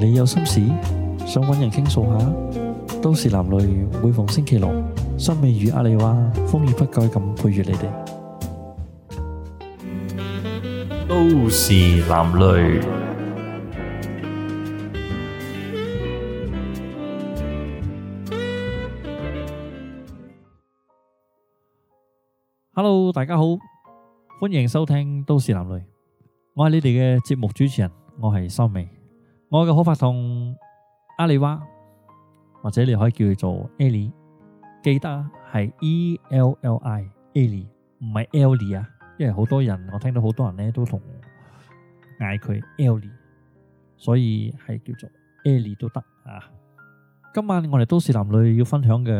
你有心事想揾人傾訴下？都市男女每逢星期六，森美與阿麗娃風雨不改咁陪住你哋。都市男女，Hello，大家好，歡迎收聽《都市男女》，我係你哋嘅節目主持人，我係森美。我嘅好法同阿里娃，或者你可以叫佢做 Ellie，記得係、啊、E L L I Ellie, e l l i e 唔係 Ellie 啊，因為好多人我聽到好多人咧都同嗌佢 Ellie，所以係叫做 Ellie 都得啊。今晚我哋都市男女要分享嘅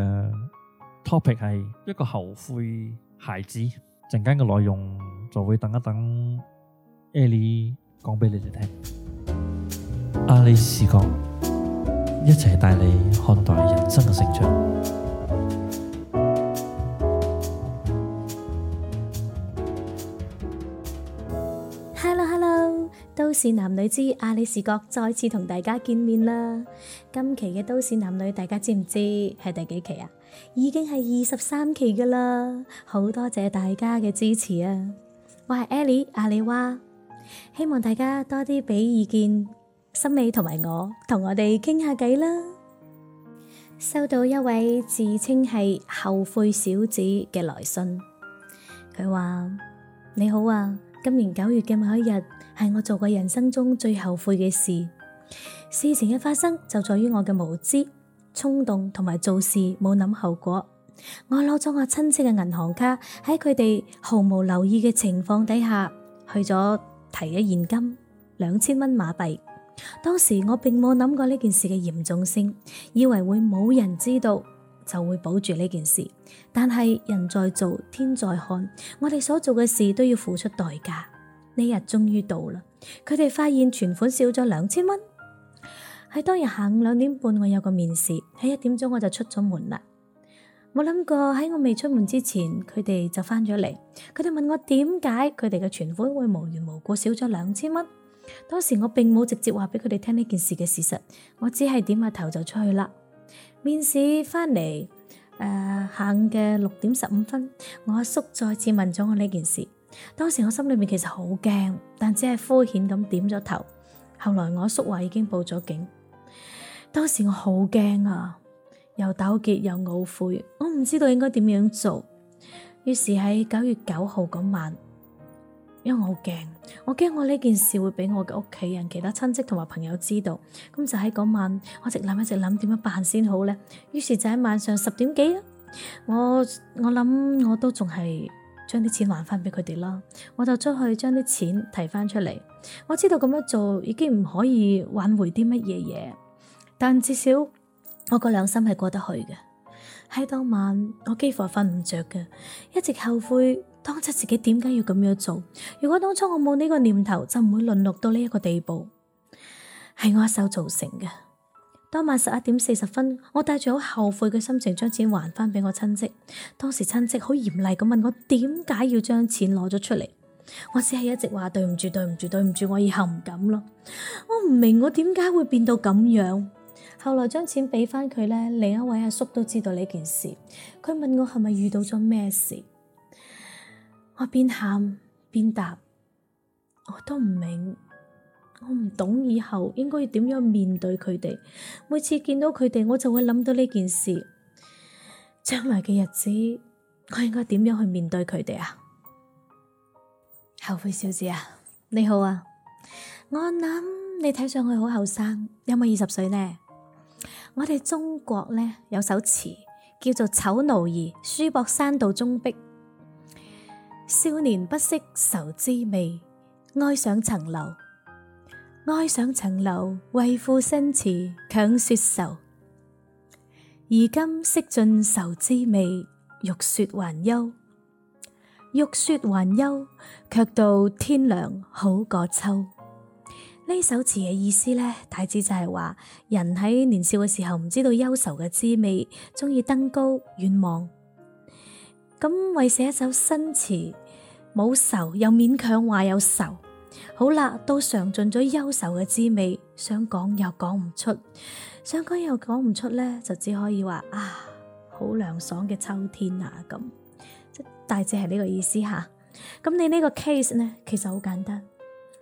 topic 係一個後悔小子，陣間嘅內容就會等一等 Ellie 講俾你哋聽。阿里視覺一齊帶你看待人生嘅成長。Hello Hello，都市男女之阿里視覺再次同大家見面啦。今期嘅都市男女，大家知唔知係第幾期啊？已經係二十三期噶啦，好多謝大家嘅支持啊！我係 Ellie 阿里蛙，希望大家多啲俾意見。心美同埋我同我哋傾下偈啦。收到一位自稱係後悔小子嘅來信，佢話你好啊。今年九月嘅某一日係我做過人生中最後悔嘅事。事情嘅發生就在於我嘅無知、衝動同埋做事冇諗後果。我攞咗我親戚嘅銀行卡喺佢哋毫無留意嘅情況底下去咗提咗現金兩千蚊馬幣。當時我並冇諗過呢件事嘅嚴重性，以為會冇人知道就會保住呢件事。但係人在做，天在看，我哋所做嘅事都要付出代價。呢日終於到啦，佢哋發現存款少咗兩千蚊。喺當日下午兩點半，我有個面試，喺一點鐘我就出咗門啦。冇諗過喺我未出門之前，佢哋就返咗嚟。佢哋問我點解佢哋嘅存款會無緣無故少咗兩千蚊。當時我並冇直接話俾佢哋聽呢件事嘅事實，我只係點下頭就出去啦。面試翻嚟，誒、呃，下午嘅六點十五分，我阿叔再次問咗我呢件事。當時我心裏面其實好驚，但只係敷衍咁點咗頭。後來我阿叔話已經報咗警，當時我好驚啊，又糾結又懊悔，我唔知道應該點樣做。於是喺九月九號嗰晚。因為我好驚，我驚我呢件事會畀我嘅屋企人、其他親戚同埋朋友知道，咁就喺嗰晚，我直諗，一直諗點樣辦先好咧。於是就喺晚上十點幾啊，我我諗我都仲係將啲錢還翻畀佢哋啦。我就出去將啲錢提翻出嚟，我知道咁樣做已經唔可以挽回啲乜嘢嘢，但至少我個良心係過得去嘅。喺當晚，我幾乎係瞓唔着嘅，一直後悔。當初自己點解要咁樣做？如果當初我冇呢個念頭，就唔會淪落到呢一個地步，係我一手造成嘅。當晚十一點四十分，我帶住好後悔嘅心情，將錢還翻俾我親戚。當時親戚好嚴厲咁問我點解要將錢攞咗出嚟，我只係一直話對唔住，對唔住，對唔住，我以後唔敢啦。我唔明我點解會變到咁樣。後來將錢俾翻佢呢，另一位阿叔都知道呢件事，佢問我係咪遇到咗咩事。我邊喊邊答，我都唔明，我唔懂以後應該點樣面對佢哋。每次見到佢哋，我就會諗到呢件事。將來嘅日子，我應該點樣去面對佢哋啊？後悔小子啊，你好啊，我諗你睇上去好後生，有冇二十歲呢？我哋中國咧有首詞叫做《醜奴兒》，書博山道中壁。少年不識愁滋味，愛上層樓。愛上層樓，為賦新詞強說愁。而今識盡愁滋味，欲說還休。欲說還休，卻道天涼好個秋。呢首詞嘅意思呢，大致就係話，人喺年少嘅時候唔知道憂愁嘅滋味，中意登高遠望。咁為寫一首新詞，冇愁又勉強話有愁，好啦，都嘗盡咗憂愁嘅滋味，想講又講唔出，想講又講唔出咧，就只可以話啊，好涼爽嘅秋天啊，咁，即大致係呢個意思吓。咁、啊、你呢個 case 呢，其實好簡單，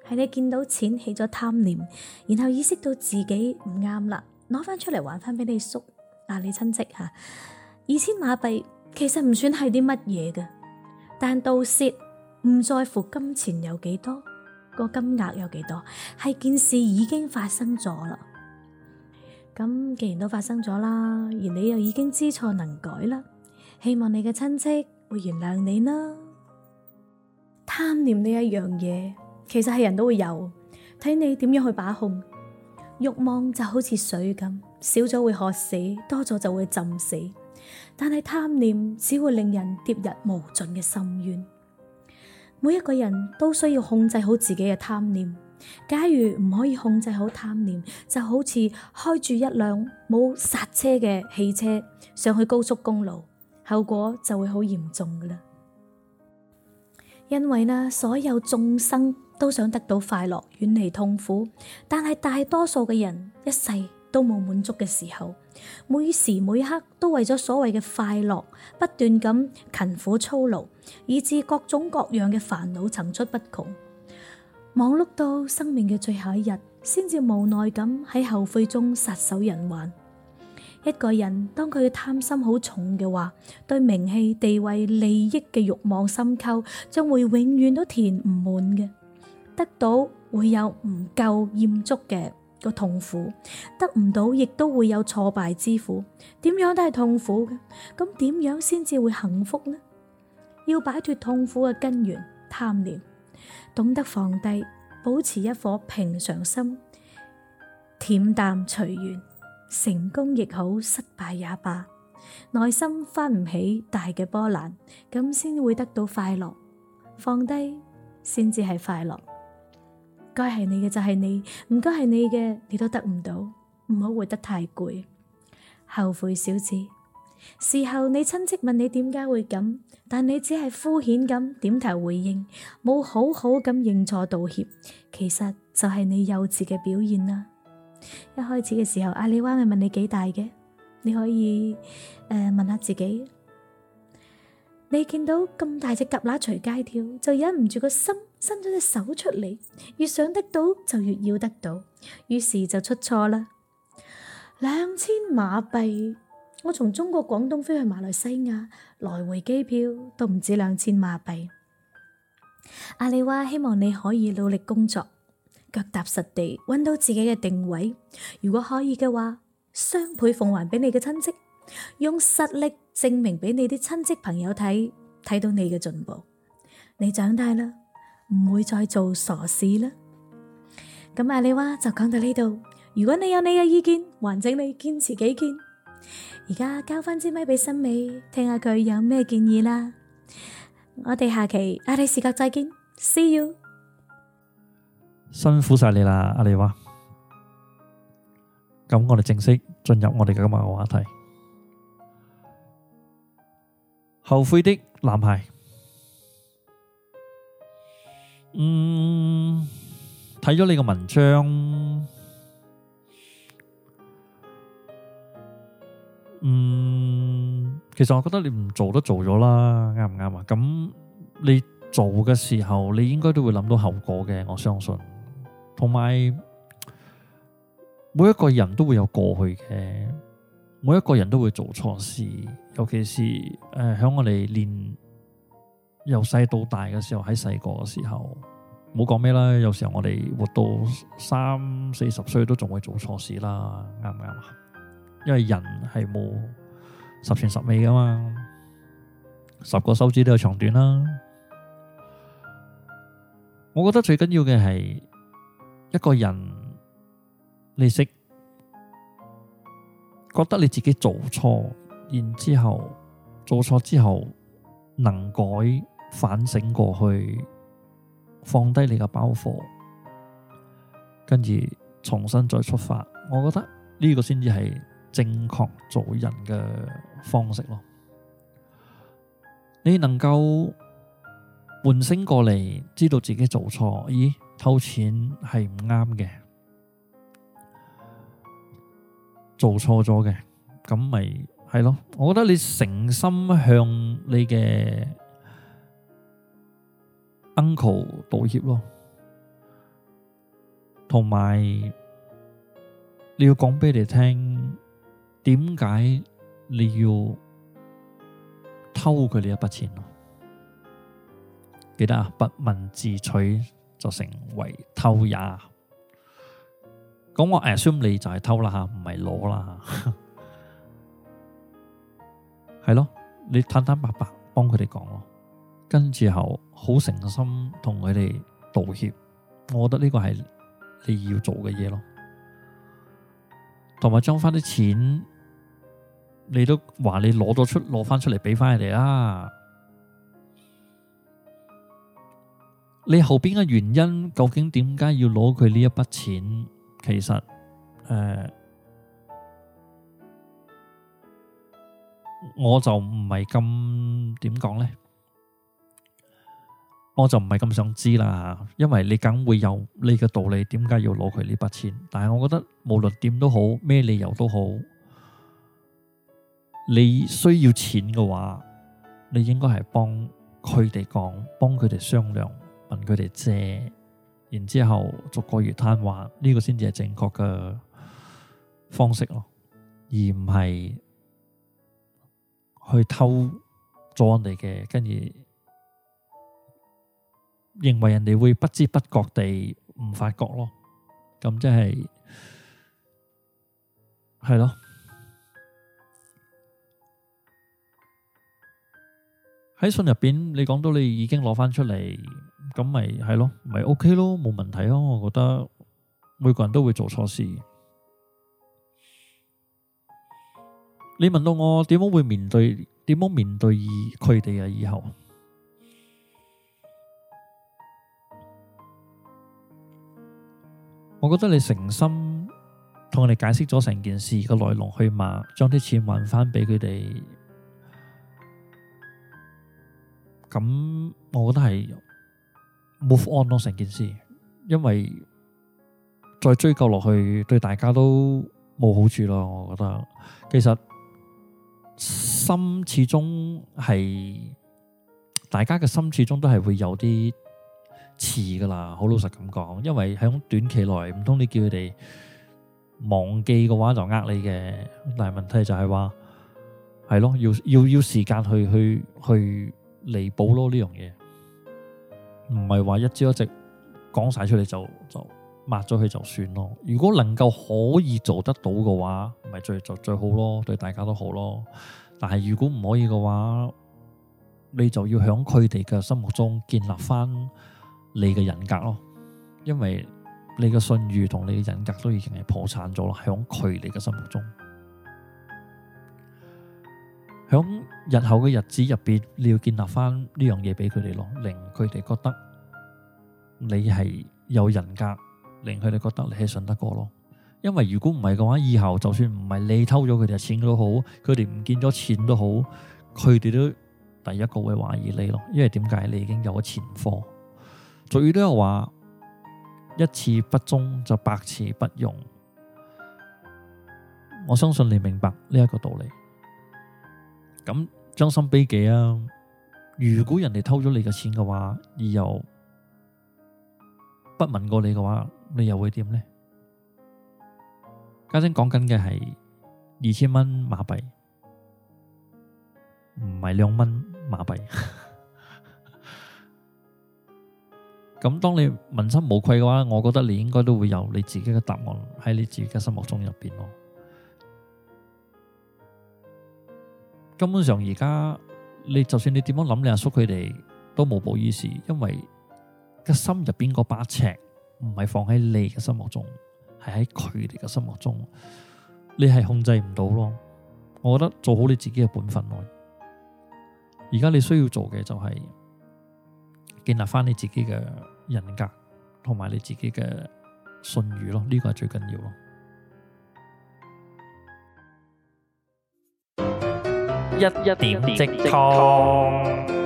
係你見到錢起咗貪念，然後意識到自己唔啱啦，攞翻出嚟還翻俾你叔嗱、啊、你親戚吓、啊，二千馬幣。其實唔算係啲乜嘢嘅，但盜竊唔在乎金錢有幾多，個金額有幾多，係件事已經發生咗啦。咁既然都發生咗啦，而你又已經知錯能改啦，希望你嘅親戚會原諒你啦。貪念呢一樣嘢，其實係人都會有，睇你點樣去把控。欲望就好似水咁，少咗會渴死，多咗就會浸死。但係貪念只會令人跌入無盡嘅深淵。每一個人都需要控制好自己嘅貪念。假如唔可以控制好貪念，就好似開住一輛冇剎車嘅汽車上去高速公路，後果就會好嚴重㗎喇。因為呢，所有眾生都想得到快樂，遠離痛苦。但係大多數嘅人一世，都冇滿足嘅時候，每時每刻都為咗所謂嘅快樂，不斷咁勤苦操勞，以致各種各樣嘅煩惱層出不窮，忙碌到生命嘅最後一日，先至無奈咁喺後悔中撒手人寰。一個人當佢嘅貪心好重嘅話，對名氣、地位、利益嘅欲望深溝，將會永遠都填唔滿嘅，得到會有唔夠艷足嘅。個痛苦得唔到，亦都會有挫敗之苦，點樣都係痛苦嘅。咁點樣先至會幸福呢？要擺脫痛苦嘅根源，貪念，懂得放低，保持一顆平常心，恬淡隨緣，成功亦好，失敗也罷，內心翻唔起大嘅波瀾，咁先會得到快樂。放低，先至係快樂。該係你嘅就係你，唔該係你嘅你都得唔到，唔好活得太攰。後悔小子，事後你親戚問你點解會咁，但你只係敷衍咁點頭回應，冇好好咁認錯道歉，其實就係你幼稚嘅表現啦。一開始嘅時候，阿里灣係問你幾大嘅，你可以誒、呃、問下自己，你見到咁大隻蛤乸隨街跳，就忍唔住個心。伸咗隻手出嚟，越想得到就越要得到，於是就出錯啦。兩千馬幣，我從中國廣東飛去馬來西亞，來回機票都唔止兩千馬幣。阿里話：希望你可以努力工作，腳踏實地，揾到自己嘅定位。如果可以嘅話，雙倍奉還俾你嘅親戚，用實力證明俾你啲親戚朋友睇，睇到你嘅進步。你長大啦。唔會再做傻事啦。咁阿里哇就講到呢度。如果你有你嘅意見，還請你堅持己見。而家交翻支咪俾新美，聽下佢有咩建議啦。我哋下期阿里視覺再見，see you。辛苦曬你啦，阿里哇。咁我哋正式進入我哋嘅今日嘅話題。後悔的男孩。嗯，睇咗你個文章，嗯，其實我覺得你唔做都做咗啦，啱唔啱啊？咁你做嘅時候，你應該都會諗到後果嘅，我相信。同埋每一個人都會有過去嘅，每一個人都會做錯事，尤其是誒響、呃、我哋練。由細到大嘅時候，喺細個嘅時候，冇講咩啦。有時候我哋活到三四十歲都仲會做錯事啦，啱唔啱啊？因為人係冇十全十美噶嘛，十個手指都有長短啦。我覺得最緊要嘅係一個人，你識覺得你自己做錯，然後錯之後做錯之後能改。反省過去，放低你嘅包袱，跟住重新再出發。我覺得呢個先至係正確做人嘅方式咯。你能夠反省過嚟，知道自己做錯，咦，偷錢係唔啱嘅，做錯咗嘅，咁咪係咯。我覺得你誠心向你嘅。uncle 道歉咯，同埋你要講俾你聽，點解你要偷佢哋一筆錢咯？記得啊，不問自取就成為偷也。咁我 assume 你就係偷啦吓，唔係攞啦，係咯，你坦坦白白幫佢哋講咯。跟住後，好誠心同佢哋道歉，我覺得呢個係你要做嘅嘢咯。同埋將翻啲錢，你都話你攞咗出，攞翻出嚟俾翻人哋啦。你後邊嘅原因究竟點解要攞佢呢一筆錢？其實誒，我就唔係咁點講咧。我就唔係咁想知啦，因為你梗會有你嘅道理，點解要攞佢呢筆錢？但係我覺得無論點都好，咩理由都好，你需要錢嘅話，你應該係幫佢哋講，幫佢哋商量，問佢哋借，然之後逐個月攤還，呢個先至係正確嘅方式咯，而唔係去偷咗人哋嘅，跟住。認為人哋會不知不覺地唔發覺咯，咁即係係咯。喺信入邊，你講到你已經攞翻出嚟，咁咪係咯，咪 OK 咯，冇問題咯。我覺得每個人都會做錯事。你問到我點樣會面對，點樣面對佢哋啊？以後。我覺得你誠心同我哋解釋咗成件事嘅來龍去脈，將啲錢還翻俾佢哋，咁我覺得係 move on 咯成件事，因為再追究落去對大家都冇好處咯。我覺得其實心始終係大家嘅心始終都係會有啲。遲噶啦，好老實咁講，因為喺短期內唔通你叫佢哋忘記嘅話就呃你嘅，但係問題就係話係咯，要要要時間去去去彌補咯呢樣嘢，唔係話一朝一夕講晒出嚟就就抹咗佢就算咯。如果能夠可以做得到嘅話，咪最做最好咯，對大家都好咯。但係如果唔可以嘅話，你就要喺佢哋嘅心目中建立翻你嘅人格咯，因為你嘅信譽同你嘅人格都已經係破產咗啦。喺佢哋嘅心目中，喺日後嘅日子入邊，你要建立翻呢樣嘢俾佢哋咯，令佢哋覺得你係有人格，令佢哋覺得你係信得過咯。因為如果唔係嘅話，以後就算唔係你偷咗佢哋嘅錢都好，佢哋唔見咗錢都好，佢哋都第一個會懷疑你咯。因為點解你已經有咗前科？所以都有話一次不忠就百次不容，我相信你明白呢一個道理。咁將心比己啊，如果人哋偷咗你嘅錢嘅話，而又不問過你嘅話，你又會點呢？家陣講緊嘅係二千蚊馬幣，唔係兩蚊馬幣。 咁當你問心無愧嘅話，我覺得你應該都會有你自己嘅答案喺你自己嘅心目中入邊咯。根本上而家你就算你點樣諗，你阿叔佢哋都無補於事，因為個心入邊嗰把尺唔係放喺你嘅心目中，係喺佢哋嘅心目中，你係控制唔到咯。我覺得做好你自己嘅本分咯，而家你需要做嘅就係、是。建立返你自己嘅人格，同埋你自己嘅信譽咯，呢、呢個係最緊要咯。一一點直拖，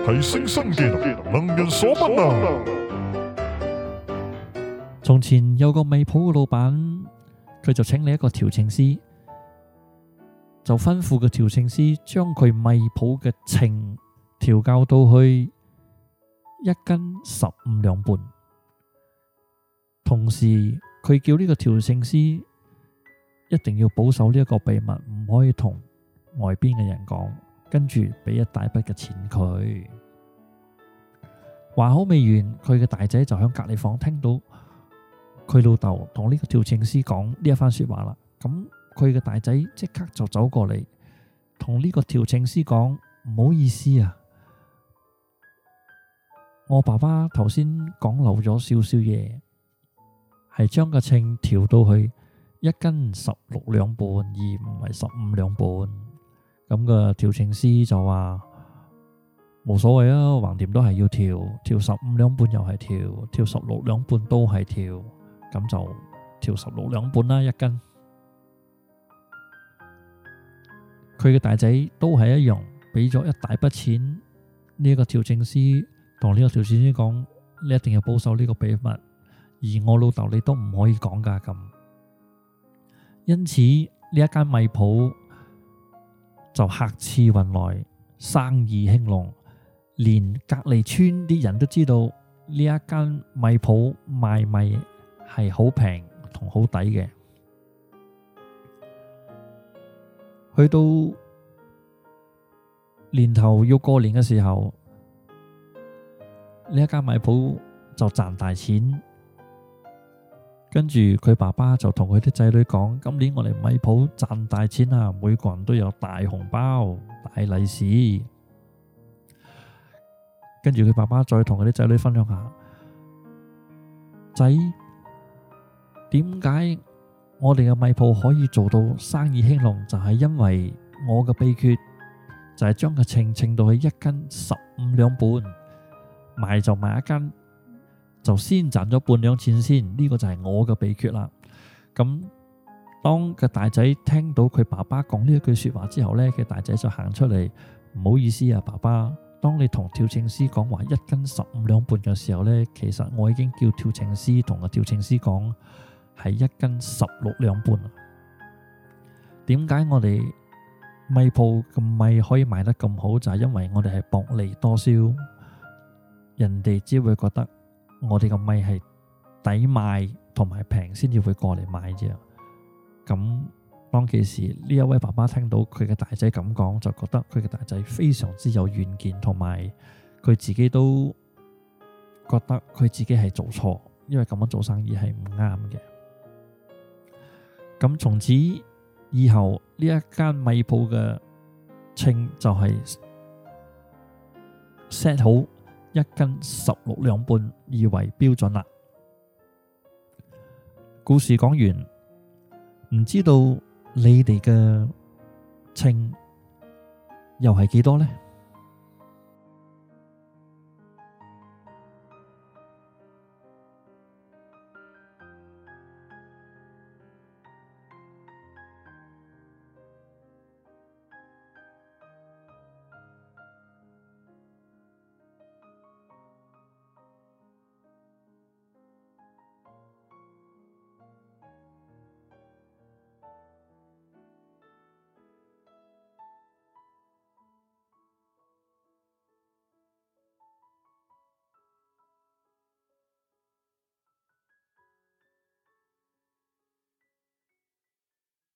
提升新技能，能人所不能。從前有個米鋪嘅老闆，佢就請你一個調情師，就吩咐個調情師將佢米鋪嘅情調教到去一斤十五兩半，同時佢叫呢個調情師一定要保守呢一個秘密，唔可以同外邊嘅人講。跟住俾一大筆嘅錢佢。話好未完，佢嘅大仔就響隔籬房聽到佢老豆同呢個調情師講呢一番說話啦。咁佢嘅大仔即刻就走過嚟，同呢個調情師講，唔好意思啊。我爸爸頭先講漏咗少少嘢，係將個秤調到去一斤十六兩半，而唔係十五兩半。咁個調秤師就話冇所謂啊，橫掂都係要調，調十五兩半又係調，調十六兩半都係調，咁就調十六兩半啦，一斤。佢嘅大仔都係一樣，俾咗一大筆錢，呢個調秤師。同呢個小線先講，你一定要保守呢個秘密，而我老豆你都唔可以講噶咁。因此呢一間米鋪就客似雲來，生意興隆，連隔籬村啲人都知道呢一間米鋪賣米係好平同好抵嘅。去到年頭要過年嘅時候。呢一間米鋪就賺大錢，跟住佢爸爸就同佢啲仔女講，今年我哋米鋪賺大錢啊，每個人都有大紅包、大利是。跟住佢爸爸再同佢啲仔女分享下，仔，點解我哋嘅米鋪可以做到生意興隆？就係因為我嘅秘訣就係將個秤稱到去一斤十五兩半。賣就賣一斤，就先賺咗半兩錢先，呢、這個就係我嘅秘訣啦。咁、嗯、當個大仔聽到佢爸爸講呢一句說話之後呢，佢大仔就行出嚟，唔好意思啊，爸爸，當你同調秤師講話一斤十五兩半嘅時候呢，其實我已經叫調秤師同個調秤師講係一斤十六兩半。點解我哋米鋪嘅米可以賣得咁好，就係、是、因為我哋係薄利多銷。人哋只會覺得我哋嘅米係抵賣同埋平，先至會過嚟買啫。咁當其時，呢一位爸爸聽到佢嘅大仔咁講，就覺得佢嘅大仔非常之有遠見，同埋佢自己都覺得佢自己係做錯，因為咁樣做生意係唔啱嘅。咁從此以後，呢一間米鋪嘅稱就係 set 好，一斤十六兩半，以為標準啦。故事講完，唔知道你哋嘅稱又係幾多呢？